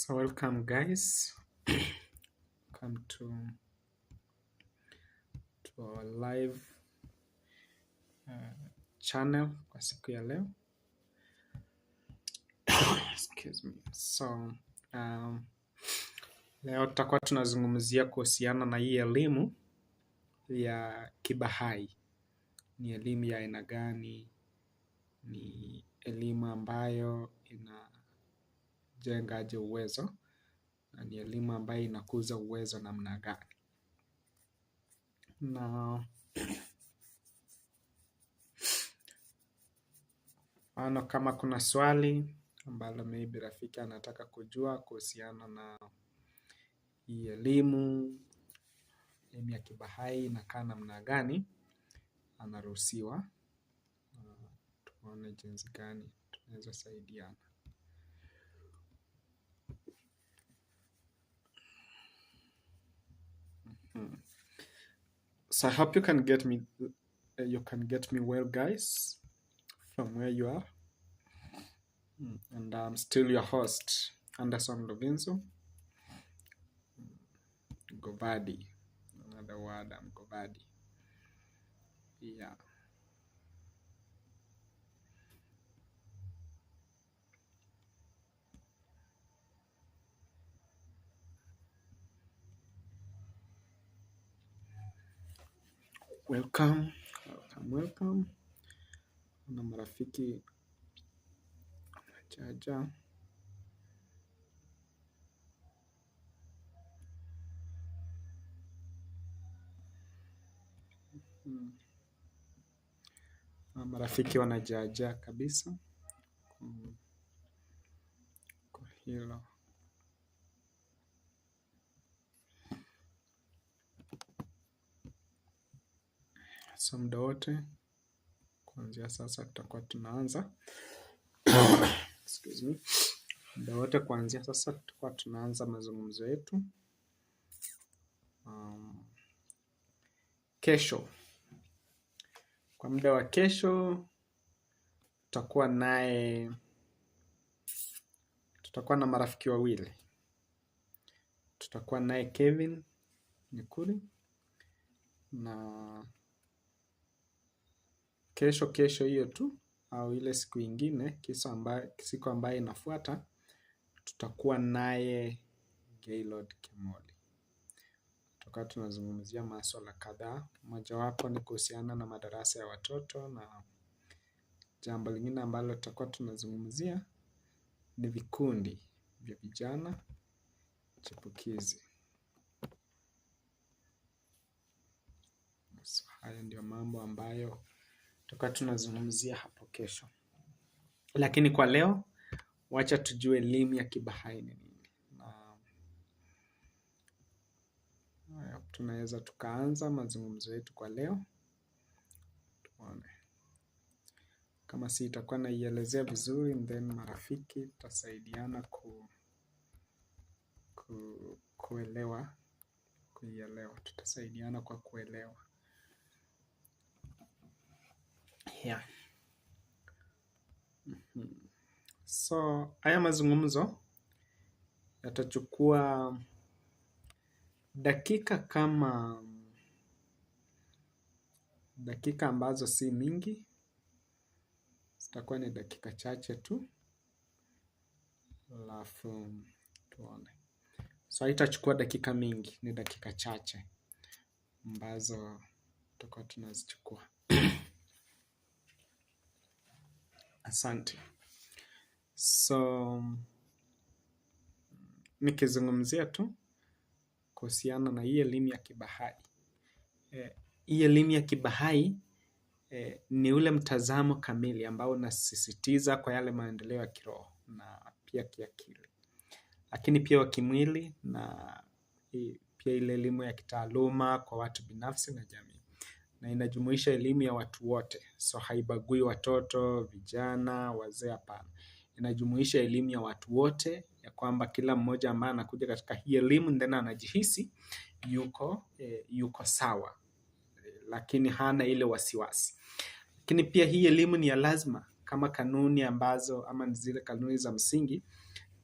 So welcome guys. Come to to our live uh, channel kwa siku ya leo. Excuse me. So um, leo tutakuwa tunazungumzia kuhusiana na hii elimu ya Kibahai. Ni elimu ya aina gani? Ni elimu ambayo inajenga aje uwezo na ni elimu ambayo inakuza uwezo namna gani na ano kama kuna swali ambalo maybe rafiki anataka kujua kuhusiana na hii elimu elimu ya kibahai inakaa namna gani anaruhusiwa tuone jinsi gani tunaweza saidiana Hmm. So I hope you can get me uh, you can get me well guys from where you are. Mm. And I'm still your host Anderson Lovinzo. Govadi. Another word I'm Govadi. Yeah. Welcome, welcome, welcome. Na marafiki wanachaja. Na marafiki wanajaja kabisa kwa hilo. So muda wote kuanzia sasa tutakuwa tunaanza excuse me, muda wote kuanzia sasa tutakuwa tunaanza mazungumzo yetu. Um, kesho kwa muda wa kesho tutakuwa naye, tutakuwa na marafiki wawili. Tutakuwa naye Kevin Nikuri na kesho kesho hiyo tu au ile siku ingine siku ambayo inafuata tutakuwa naye Gaylord Kemoli. Toka tunazungumzia masuala kadhaa, mojawapo ni kuhusiana na madarasa ya watoto, na jambo lingine ambalo tutakuwa tunazungumzia ni vikundi vya vijana chipukizi. So, haya ndio mambo ambayo tutakuwa tunazungumzia hapo kesho, lakini kwa leo wacha tujue elimu ya kibahai ni nini, tunaweza tukaanza mazungumzo yetu kwa leo. Tuone kama si itakuwa naielezea vizuri, then marafiki tutasaidiana ku, ku, kuelewa kuielewa, tutasaidiana kwa kuelewa here. So haya mazungumzo yatachukua dakika kama dakika ambazo si mingi, zitakuwa ni dakika chache tu, alafu tuone. So haitachukua dakika mingi, ni dakika chache ambazo tutakuwa tunazichukua. Asante. So, nikizungumzia tu kuhusiana na hii elimu ya kibahai. Eh, hii elimu ya kibahai e, ni ule mtazamo kamili ambao unasisitiza kwa yale maendeleo ya kiroho na pia kiakili, lakini pia wa kimwili na pia ile elimu ya kitaaluma kwa watu binafsi na jamii na inajumuisha elimu ya watu wote, so haibagui watoto, vijana, wazee, hapana. Inajumuisha elimu ya watu wote, ya kwamba kila mmoja ambaye anakuja katika hii elimu ndena anajihisi yuko, e, yuko sawa, lakini hana ile wasiwasi. Lakini pia hii elimu ni ya lazima kama kanuni ambazo ama ni zile kanuni za msingi,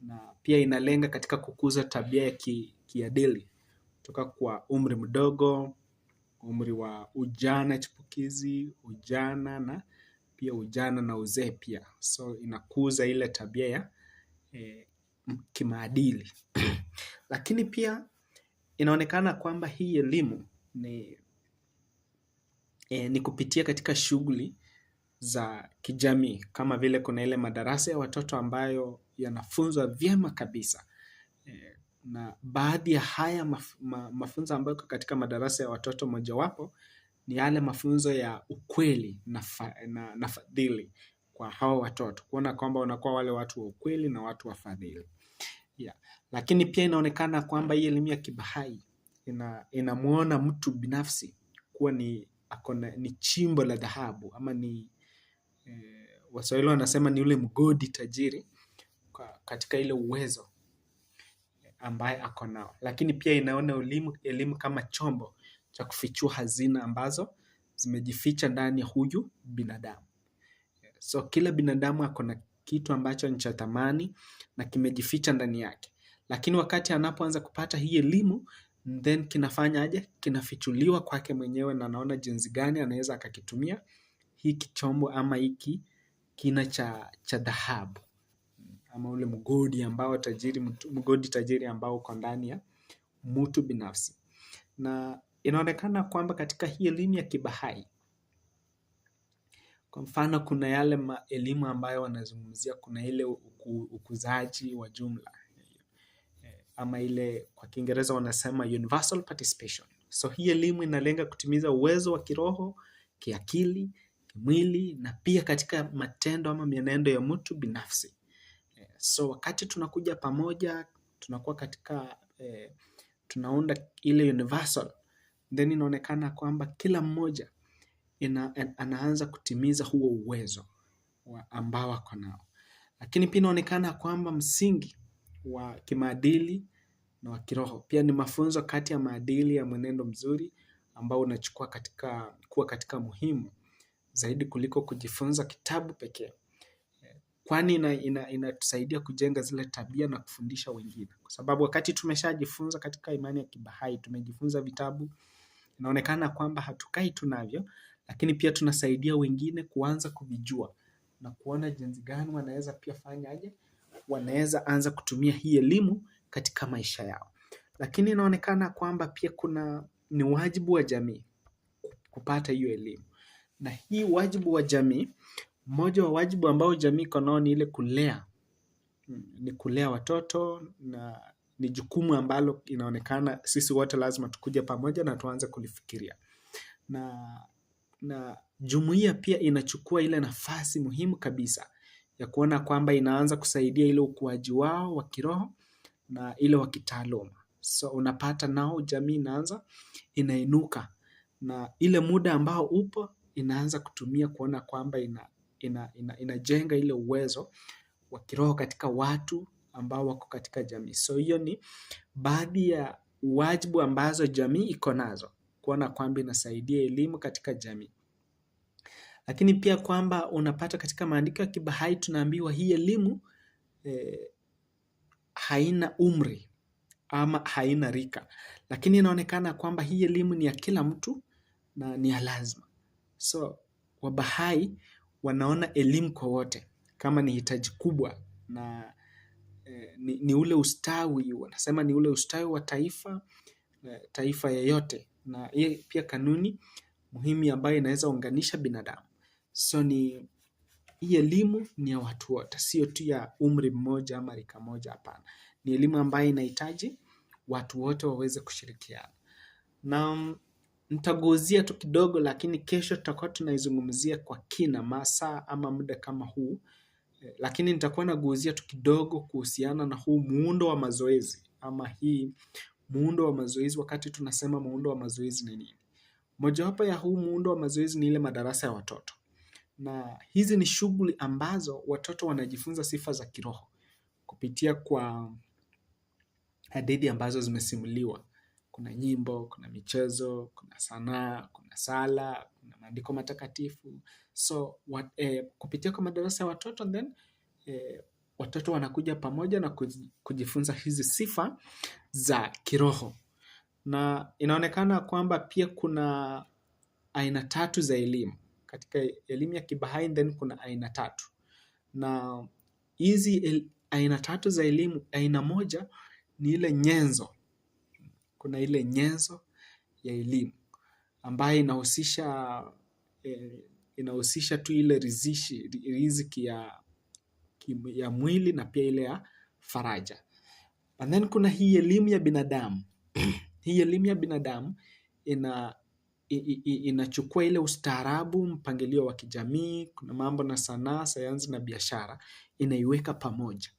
na pia inalenga katika kukuza tabia ya kiadili ki kutoka kwa umri mdogo umri wa ujana chipukizi, ujana na pia ujana na uzee pia. So inakuza ile tabia ya e, kimaadili lakini pia inaonekana kwamba hii elimu ni, e, ni kupitia katika shughuli za kijamii kama vile kuna ile madarasa ya watoto ambayo yanafunzwa vyema kabisa e, na baadhi ya haya maf ma mafunzo ambayo katika madarasa ya watoto, mojawapo ni yale mafunzo ya ukweli na, na, na fadhili kwa hawa watoto, kuona kwamba wanakuwa wale watu wa ukweli na watu wa fadhili yeah. Lakini pia inaonekana kwamba hii elimu ya kibahai ina inamwona mtu binafsi kuwa ni akona, ni chimbo la dhahabu ama ni eh, Waswahili wanasema ni ule mgodi tajiri katika ile uwezo ambaye ako nao, lakini pia inaona elimu, elimu kama chombo cha kufichua hazina ambazo zimejificha ndani ya huyu binadamu. So kila binadamu ako na kitu ambacho ni cha thamani na kimejificha ndani yake, lakini wakati anapoanza kupata hii elimu then kinafanya aje? Kinafichuliwa kwake mwenyewe na anaona jinsi gani anaweza akakitumia hiki chombo ama hiki kina cha cha dhahabu ama ule mgodi ambao tajiri, mgodi tajiri ambao uko ndani ya mtu binafsi. Na inaonekana kwamba katika hii elimu ya kibahai, kwa mfano, kuna yale elimu ambayo wanazungumzia, kuna ile ukuzaji wa jumla ama ile kwa Kiingereza wanasema universal participation. So hii elimu inalenga kutimiza uwezo wa kiroho, kiakili, kimwili na pia katika matendo ama mienendo ya mtu binafsi. So wakati tunakuja pamoja tunakuwa katika eh, tunaunda ile universal then inaonekana kwamba kila mmoja ina, anaanza kutimiza huo uwezo ambao ako nao, lakini pia inaonekana kwamba msingi wa kimaadili na wa kiroho pia ni mafunzo kati ya maadili ya mwenendo mzuri ambao unachukua katika kuwa katika muhimu zaidi kuliko kujifunza kitabu pekee kwani inatusaidia ina, ina kujenga zile tabia na kufundisha wengine, kwa sababu wakati tumeshajifunza katika imani ya Kibahai, tumejifunza vitabu, inaonekana kwamba hatukai tunavyo, lakini pia tunasaidia wengine kuanza kuvijua na kuona jinsi gani wanaweza pia fanyaje wanaweza anza kutumia hii elimu katika maisha yao. Lakini inaonekana kwamba pia kuna ni wajibu wa jamii kupata hiyo elimu, na hii wajibu wa jamii mmoja wa wajibu ambao jamii iko nao ni ile kulea, ni kulea watoto na ni jukumu ambalo inaonekana sisi wote lazima tukuja pamoja na tuanze kulifikiria. Na na jumuiya pia inachukua ile nafasi muhimu kabisa ya kuona kwamba inaanza kusaidia ile ukuaji wao wa kiroho na ile wa kitaaluma. So unapata nao jamii inaanza inainuka na ile muda ambao upo inaanza kutumia kuona kwamba ina ina, ina, inajenga ile uwezo wa kiroho katika watu ambao wako katika jamii. So hiyo ni baadhi ya wajibu ambazo jamii iko nazo, kuona kwamba inasaidia elimu katika jamii, lakini pia kwamba unapata katika maandiko ya Kibahai tunaambiwa hii elimu eh, haina umri ama haina rika, lakini inaonekana kwamba hii elimu ni ya kila mtu na ni ya lazima. So Wabahai wanaona elimu kwa wote kama ni hitaji kubwa na eh, ni, ni ule ustawi wanasema ni ule ustawi wa taifa eh, taifa yeyote, na hiyo pia kanuni muhimu ambayo inaweza unganisha binadamu. So ni hii elimu ni ya watu wote, sio tu ya umri mmoja ama rika moja. Hapana, ni elimu ambayo inahitaji watu wote waweze kushirikiana na nitaguzia tu kidogo, lakini kesho tutakuwa tunaizungumzia kwa kina masaa ama muda kama huu, eh, lakini nitakuwa naguzia tu kidogo kuhusiana na huu muundo wa mazoezi ama hii muundo wa mazoezi. Wakati tunasema muundo wa mazoezi ni nini, mojawapo ya huu muundo wa mazoezi ni ile madarasa ya watoto, na hizi ni shughuli ambazo watoto wanajifunza sifa za kiroho kupitia kwa hadithi ambazo zimesimuliwa kuna nyimbo, kuna michezo, kuna sanaa, kuna sala, kuna maandiko matakatifu. So wat, eh, kupitia kwa madarasa ya watoto then eh, watoto wanakuja pamoja na kujifunza hizi sifa za kiroho, na inaonekana kwamba pia kuna aina tatu za elimu. Katika elimu ya Kibahai then kuna aina tatu, na hizi aina tatu za elimu, aina moja ni ile nyenzo kuna ile nyenzo ya elimu ambayo inahusisha eh, inahusisha tu ile rizishi, riziki ya, ya mwili na pia ile ya faraja. And then kuna hii elimu ya binadamu hii elimu ya binadamu ina inachukua ile ustaarabu, mpangilio wa kijamii, kuna mambo na sanaa, sayansi na biashara, inaiweka pamoja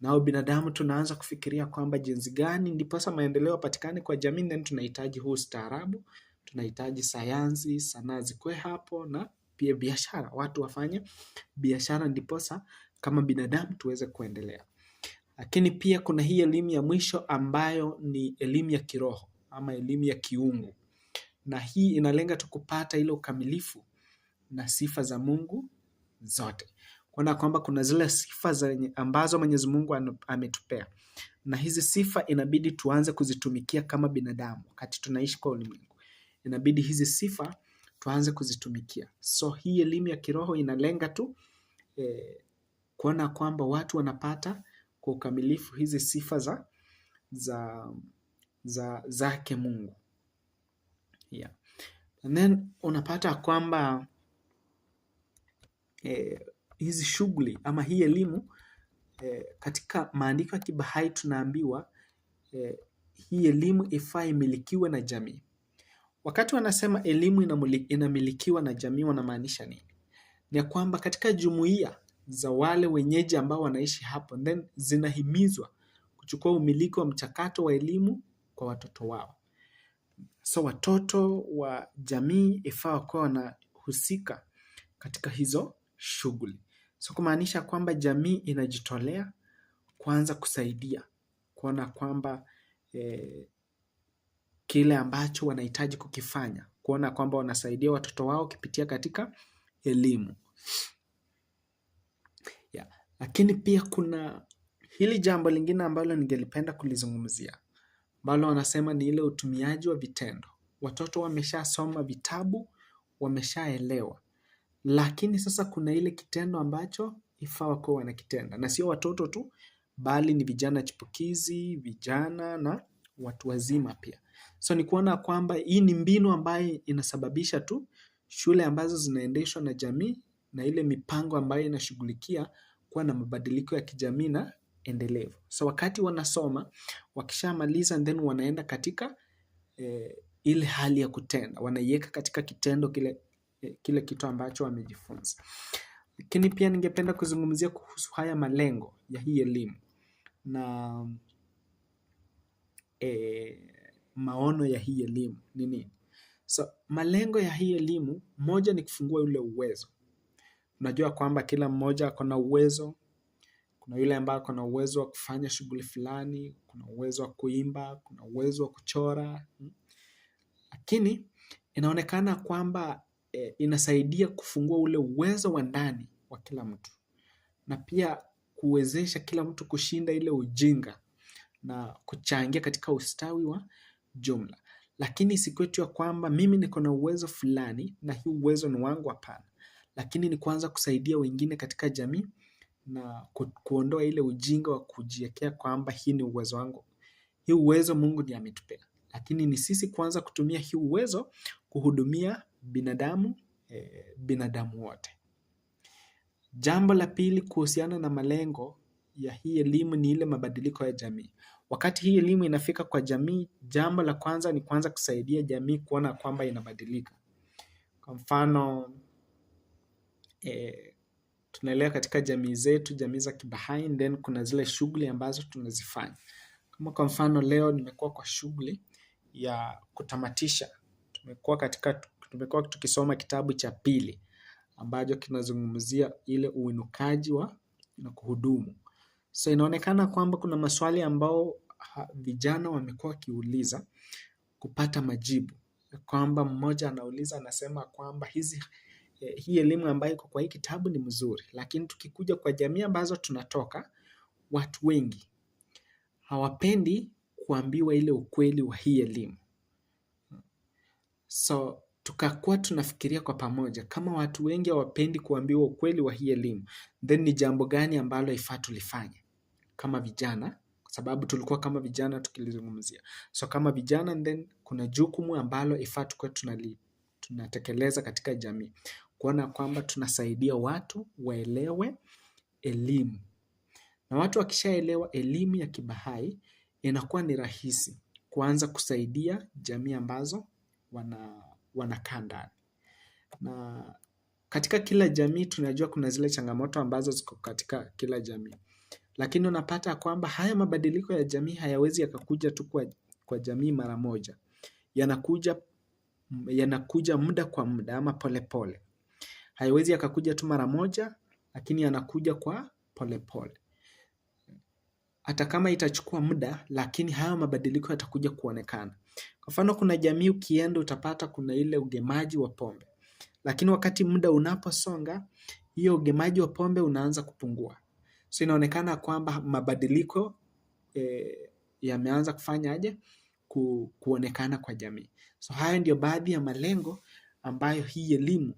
nao binadamu tunaanza kufikiria kwamba jinsi gani ndiposa maendeleo yapatikane kwa jamii, then tunahitaji huu staarabu, tunahitaji sayansi, sanaa zikuwe hapo na pia biashara, watu wafanye biashara ndiposa kama binadamu tuweze kuendelea. Lakini pia kuna hii elimu ya mwisho ambayo ni elimu ya kiroho ama elimu ya kiungu, na hii inalenga tu kupata ile ukamilifu na sifa za Mungu zote kuona kwamba kuna zile sifa zenye ambazo Mwenyezi Mungu ametupea, na hizi sifa inabidi tuanze kuzitumikia kama binadamu. Wakati tunaishi kwa ulimwengu, inabidi hizi sifa tuanze kuzitumikia. So hii elimu ya kiroho inalenga tu eh, kuona kwamba watu wanapata kwa ukamilifu hizi sifa za za za zake Mungu yeah. And then unapata kwamba eh, hizi shughuli ama hii elimu eh, katika maandiko ya Kibahai tunaambiwa eh, hii elimu ifaa imilikiwe na jamii. Wakati wanasema elimu inamilikiwa na jamii wanamaanisha nini? Ni kwamba katika jumuiya za wale wenyeji ambao wanaishi hapo then zinahimizwa kuchukua umiliki wa mchakato wa elimu kwa watoto wao. So watoto wa jamii ifaa wakuwa wanahusika katika hizo shughuli. So kumaanisha kwamba jamii inajitolea kuanza kusaidia kuona kwamba eh, kile ambacho wanahitaji kukifanya, kuona kwamba wanasaidia watoto wao kipitia katika elimu yeah. Lakini pia kuna hili jambo lingine ambalo ningelipenda kulizungumzia ambalo wanasema ni ile utumiaji wa vitendo. Watoto wameshasoma vitabu, wameshaelewa lakini sasa kuna ile kitendo ambacho ifaa wakuwa wanakitenda, na sio watoto tu, bali ni vijana chipukizi, vijana na watu wazima pia. So ni kuona kwamba hii ni mbinu ambayo inasababisha tu shule ambazo zinaendeshwa na jamii na ile mipango ambayo inashughulikia kuwa na mabadiliko ya kijamii na endelevu. So wakati wanasoma wakishamaliza, then wanaenda katika eh, ile hali ya kutenda, wanaiweka katika kitendo kile kile kitu ambacho wamejifunza. Lakini pia ningependa kuzungumzia kuhusu haya malengo ya hii elimu na e, maono ya hii elimu ni nini? So, malengo ya hii elimu moja ni kufungua yule uwezo. Unajua kwamba kila mmoja ako na uwezo. Kuna yule ambaye ako na uwezo wa kufanya shughuli fulani, kuna uwezo wa kuimba, kuna uwezo wa kuchora. Lakini inaonekana kwamba eh, inasaidia kufungua ule uwezo wa ndani wa kila mtu na pia kuwezesha kila mtu kushinda ile ujinga na kuchangia katika ustawi wa jumla. Lakini isikwetu ya kwamba mimi niko na uwezo fulani na hii uwezo ni wangu, hapana, lakini ni kuanza kusaidia wengine katika jamii na kuondoa ile ujinga wa kujiwekea kwamba hii ni uwezo wangu, hii uwezo Mungu ndiye ametupea, lakini ni sisi kuanza kutumia hii uwezo kuhudumia binadamu e, binadamu wote. Jambo la pili kuhusiana na malengo ya hii elimu ni ile mabadiliko ya jamii. Wakati hii elimu inafika kwa jamii, jambo la kwanza ni kuanza kusaidia jamii kuona kwamba inabadilika. Kwa mfano e, tunaelewa katika jamii zetu, jamii za Kibahai, then kuna zile shughuli ambazo tunazifanya. Kama kwa mfano leo nimekuwa kwa shughuli ya kutamatisha, tumekuwa katika tumekuwa tukisoma kitabu cha pili ambacho kinazungumzia ile uinukaji wa na kuhudumu. So inaonekana kwamba kuna maswali ambao vijana wamekuwa wakiuliza kupata majibu, kwamba mmoja anauliza anasema kwamba hizi hii elimu ambayo iko kwa hii kitabu ni mzuri, lakini tukikuja kwa jamii ambazo tunatoka, watu wengi hawapendi kuambiwa ile ukweli wa hii elimu. So tukakuwa tunafikiria kwa pamoja kama watu wengi hawapendi kuambiwa ukweli wa hii elimu, then ni jambo gani ambalo ifaa tulifanye kama vijana, kwa sababu tulikuwa kama vijana tukilizungumzia. So kama vijana, then kuna jukumu ambalo ifaa tukuwa tunali tunatekeleza katika jamii, kuona kwamba tunasaidia watu waelewe elimu, na watu wakishaelewa elimu ya Kibahai inakuwa ni rahisi kuanza kusaidia jamii ambazo wana wanakaa ndani. Na katika kila jamii tunajua kuna zile changamoto ambazo ziko katika kila jamii. Lakini unapata kwamba haya mabadiliko ya jamii hayawezi yakakuja tu kwa, kwa jamii mara moja. Yanakuja yanakuja muda kwa muda ama polepole. Hayawezi yakakuja tu mara moja lakini yanakuja kwa polepole hata kama itachukua muda, lakini hayo mabadiliko yatakuja kuonekana. Kwa mfano, kuna jamii ukienda utapata kuna ile ugemaji wa pombe, lakini wakati muda unaposonga, hiyo ugemaji wa pombe unaanza kupungua. So inaonekana kwamba mabadiliko e, yameanza kufanya aje ku, kuonekana kwa jamii. So haya ndio baadhi ya malengo ambayo hii elimu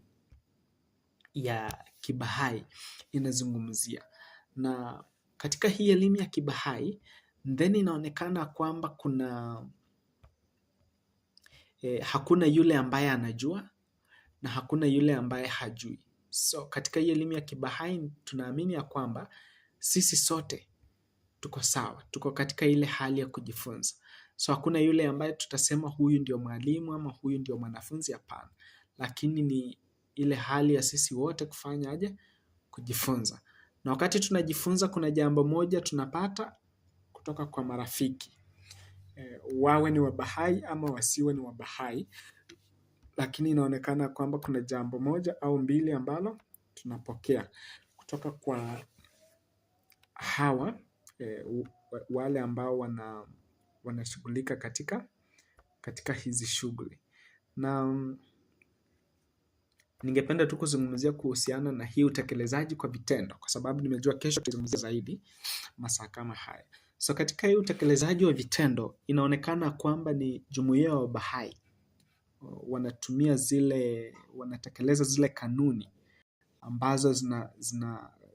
ya kibahai inazungumzia na katika hii elimu ya kibahai then inaonekana kwamba kuna eh, hakuna yule ambaye anajua na hakuna yule ambaye hajui. So katika hii elimu ya kibahai tunaamini ya kwamba sisi sote tuko sawa, tuko katika ile hali ya kujifunza. So hakuna yule ambaye tutasema huyu ndio mwalimu ama huyu ndio mwanafunzi, hapana, lakini ni ile hali ya sisi wote kufanya aje, kujifunza. Na wakati tunajifunza, kuna jambo moja tunapata kutoka kwa marafiki e, wawe ni Wabahai ama wasiwe ni Wabahai, lakini inaonekana kwamba kuna jambo moja au mbili ambalo tunapokea kutoka kwa hawa e, wale ambao wana wanashughulika katika katika hizi shughuli na ningependa tu kuzungumzia kuhusiana na hii utekelezaji kwa vitendo, kwa sababu nimejua kesho tutazungumzia zaidi masaa kama haya. So katika hii utekelezaji wa vitendo inaonekana kwamba ni jumuiya wa bahai wanatumia zile, wanatekeleza zile kanuni ambazo zinajitokeza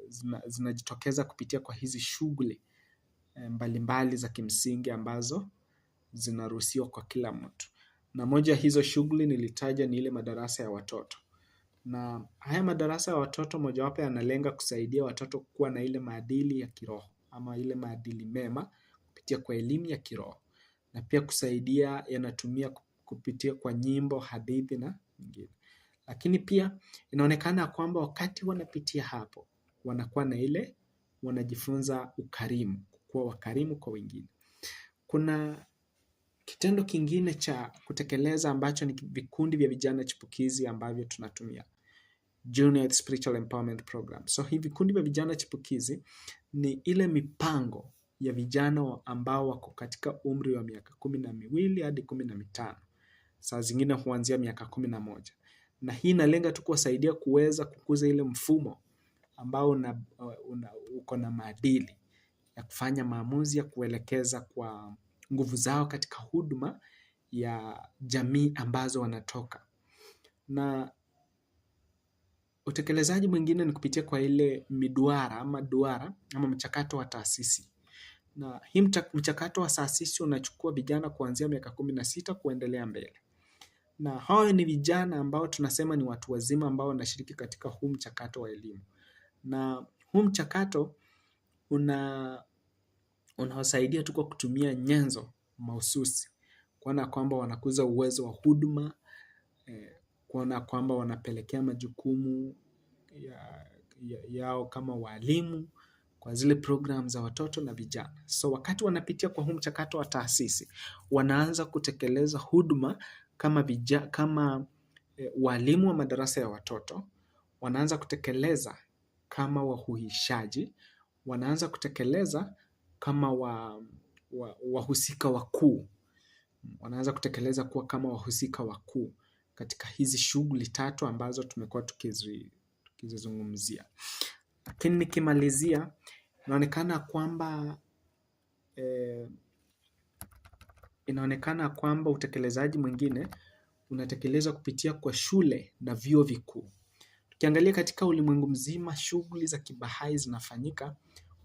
zina, zina, zina kupitia kwa hizi shughuli eh, mbalimbali za kimsingi ambazo zinaruhusiwa kwa kila mtu, na moja hizo shughuli nilitaja ni ile madarasa ya watoto na haya madarasa ya watoto mojawapo yanalenga kusaidia watoto kuwa na ile maadili ya kiroho ama ile maadili mema kupitia kwa elimu ya kiroho na pia kusaidia yanatumia kupitia kwa nyimbo, hadithi na nyingine. Lakini pia inaonekana kwamba wakati wanapitia hapo wanakuwa na ile wanajifunza ukarimu, kuwa wakarimu kwa wengine. Kuna kitendo kingine cha kutekeleza ambacho ni vikundi vya vijana chipukizi ambavyo tunatumia. Junior Spiritual Empowerment Program. So hivi kundi vya vijana chipukizi ni ile mipango ya vijana ambao wako katika umri wa miaka kumi na miwili hadi kumi na mitano saa zingine huanzia miaka kumi na moja na hii inalenga tu kuwasaidia kuweza kukuza ile mfumo ambao una, uh, una, uko na maadili ya kufanya maamuzi ya kuelekeza kwa nguvu zao katika huduma ya jamii ambazo wanatoka. Na Utekelezaji mwingine ni kupitia kwa ile miduara ama duara ama mchakato wa taasisi. Na hii mchakato wa taasisi unachukua vijana kuanzia miaka kumi na sita kuendelea mbele. Na hao ni vijana ambao tunasema ni watu wazima ambao wanashiriki katika huu mchakato wa elimu. Na huu mchakato unawasaidia tu kwa kutumia nyenzo mahususi kuona kwamba wanakuza uwezo wa huduma eh, kuona kwamba wanapelekea majukumu ya, ya, yao kama walimu kwa zile programu za watoto na vijana. So wakati wanapitia kwa huu mchakato wa taasisi, wanaanza kutekeleza huduma kama, vija, kama e, walimu wa madarasa ya watoto, wanaanza kutekeleza kama wahuishaji, wanaanza kutekeleza kama wa, wa, wahusika wakuu, wanaanza kutekeleza kuwa kama wahusika wakuu katika hizi shughuli tatu ambazo tumekuwa tukizizungumzia. Lakini nikimalizia, inaonekana kwamba eh, inaonekana kwamba utekelezaji mwingine unatekelezwa kupitia kwa shule na vyuo vikuu. Tukiangalia katika ulimwengu mzima, shughuli za kibahai zinafanyika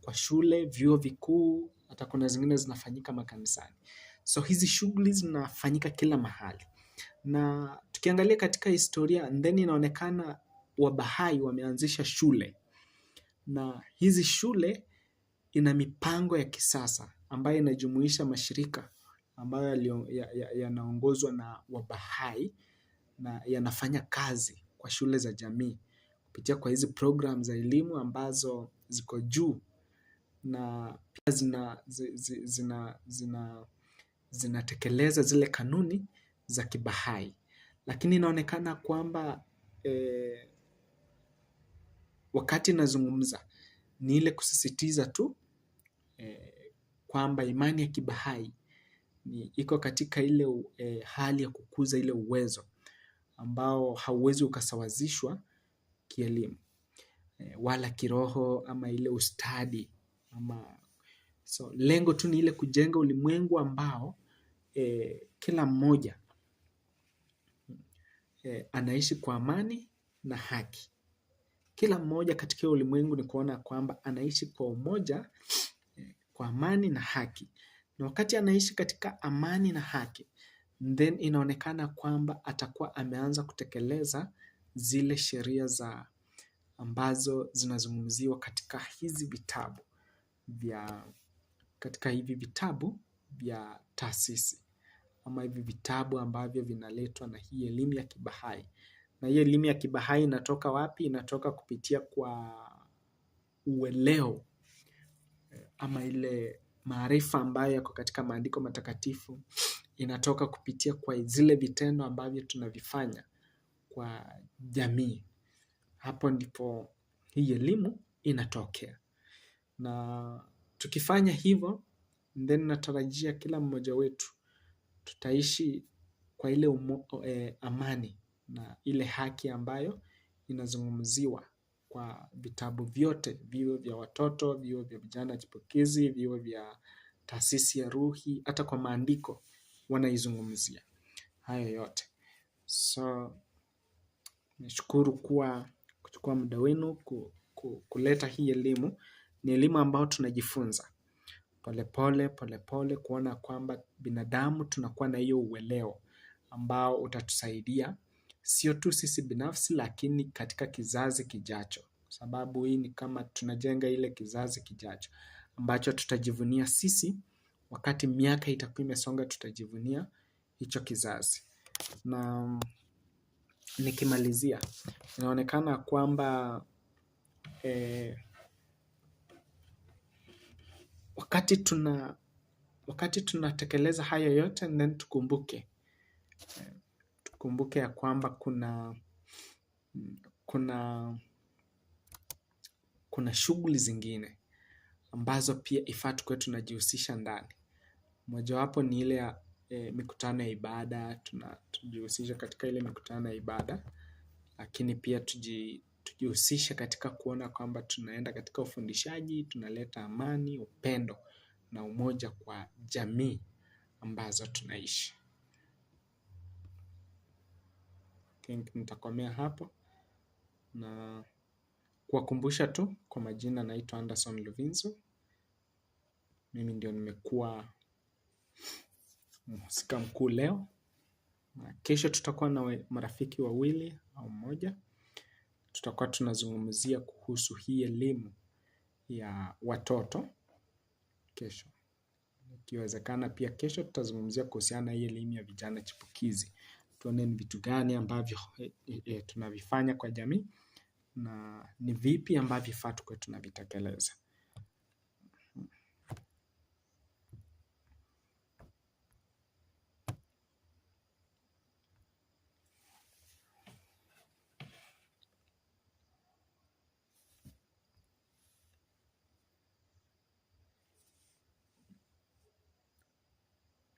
kwa shule, vyuo vikuu, hata kuna zingine zinafanyika makanisani. So hizi shughuli zinafanyika kila mahali na tukiangalia katika historia then inaonekana Wabahai wameanzisha shule na hizi shule ina mipango ya kisasa ambayo inajumuisha mashirika ambayo yanaongozwa ya, ya na Wabahai na yanafanya kazi kwa shule za jamii kupitia kwa hizi program za elimu ambazo ziko juu na pia zina, zina, zina, zinatekeleza zile kanuni za Kibahai, lakini inaonekana kwamba eh, wakati nazungumza ni ile kusisitiza tu eh, kwamba imani ya Kibahai ni iko katika ile eh, hali ya kukuza ile uwezo ambao hauwezi ukasawazishwa kielimu eh, wala kiroho ama ile ustadi ama so lengo tu ni ile kujenga ulimwengu ambao eh, kila mmoja eh, anaishi kwa amani na haki. Kila mmoja katika ulimwengu ni kuona kwamba anaishi kwa umoja eh, kwa amani na haki, na wakati anaishi katika amani na haki then inaonekana kwamba atakuwa ameanza kutekeleza zile sheria za ambazo zinazungumziwa katika hizi vitabu vya katika hivi vitabu vya taasisi ama hivi vitabu ambavyo vinaletwa na hii elimu ya kibahai. Na hii elimu ya kibahai inatoka wapi? Inatoka kupitia kwa ueleo ama ile maarifa ambayo yako katika maandiko matakatifu inatoka kupitia kwa zile vitendo ambavyo tunavifanya kwa jamii. Hapo ndipo hii elimu inatokea. Na tukifanya hivyo then natarajia kila mmoja wetu tutaishi kwa ile umo, e, amani na ile haki ambayo inazungumziwa kwa vitabu vyote, viwe vya watoto, viwe vya vijana chipukizi, viwe vya taasisi ya Ruhi, hata kwa maandiko wanaizungumzia hayo yote. So nashukuru kuwa kuchukua muda wenu ku, ku, kuleta hii elimu. Ni elimu ambayo tunajifunza polepole polepole kuona kwamba binadamu tunakuwa na hiyo uelewa ambao utatusaidia sio tu sisi binafsi lakini katika kizazi kijacho, sababu hii ni kama tunajenga ile kizazi kijacho ambacho tutajivunia sisi, wakati miaka itakuwa imesonga, tutajivunia hicho kizazi. Na nikimalizia, inaonekana kwamba eh, wakati tuna wakati tunatekeleza hayo yote then tukumbuke tukumbuke ya kwamba kuna kuna kuna shughuli zingine ambazo pia ifaa tukuwe tunajihusisha ndani. Mojawapo ni ile ya e, mikutano ya ibada, tunajihusisha katika ile mikutano ya ibada, lakini pia tuji, tujihusishe katika kuona kwamba tunaenda katika ufundishaji, tunaleta amani, upendo na umoja kwa jamii ambazo tunaishi. Nitakomea hapo na kuwakumbusha tu kwa majina, naitwa Anderson Luvinzo. Mimi ndio nimekuwa mhusika mkuu leo. na Kesho tutakuwa na marafiki wawili au mmoja tutakuwa tunazungumzia kuhusu hii elimu ya watoto kesho. Ikiwezekana pia kesho tutazungumzia kuhusiana na hii elimu ya vijana chipukizi. Tuone ni vitu gani ambavyo eh, eh, eh, tunavifanya kwa jamii na ni vipi ambavyo faa tukuwe tunavitekeleza.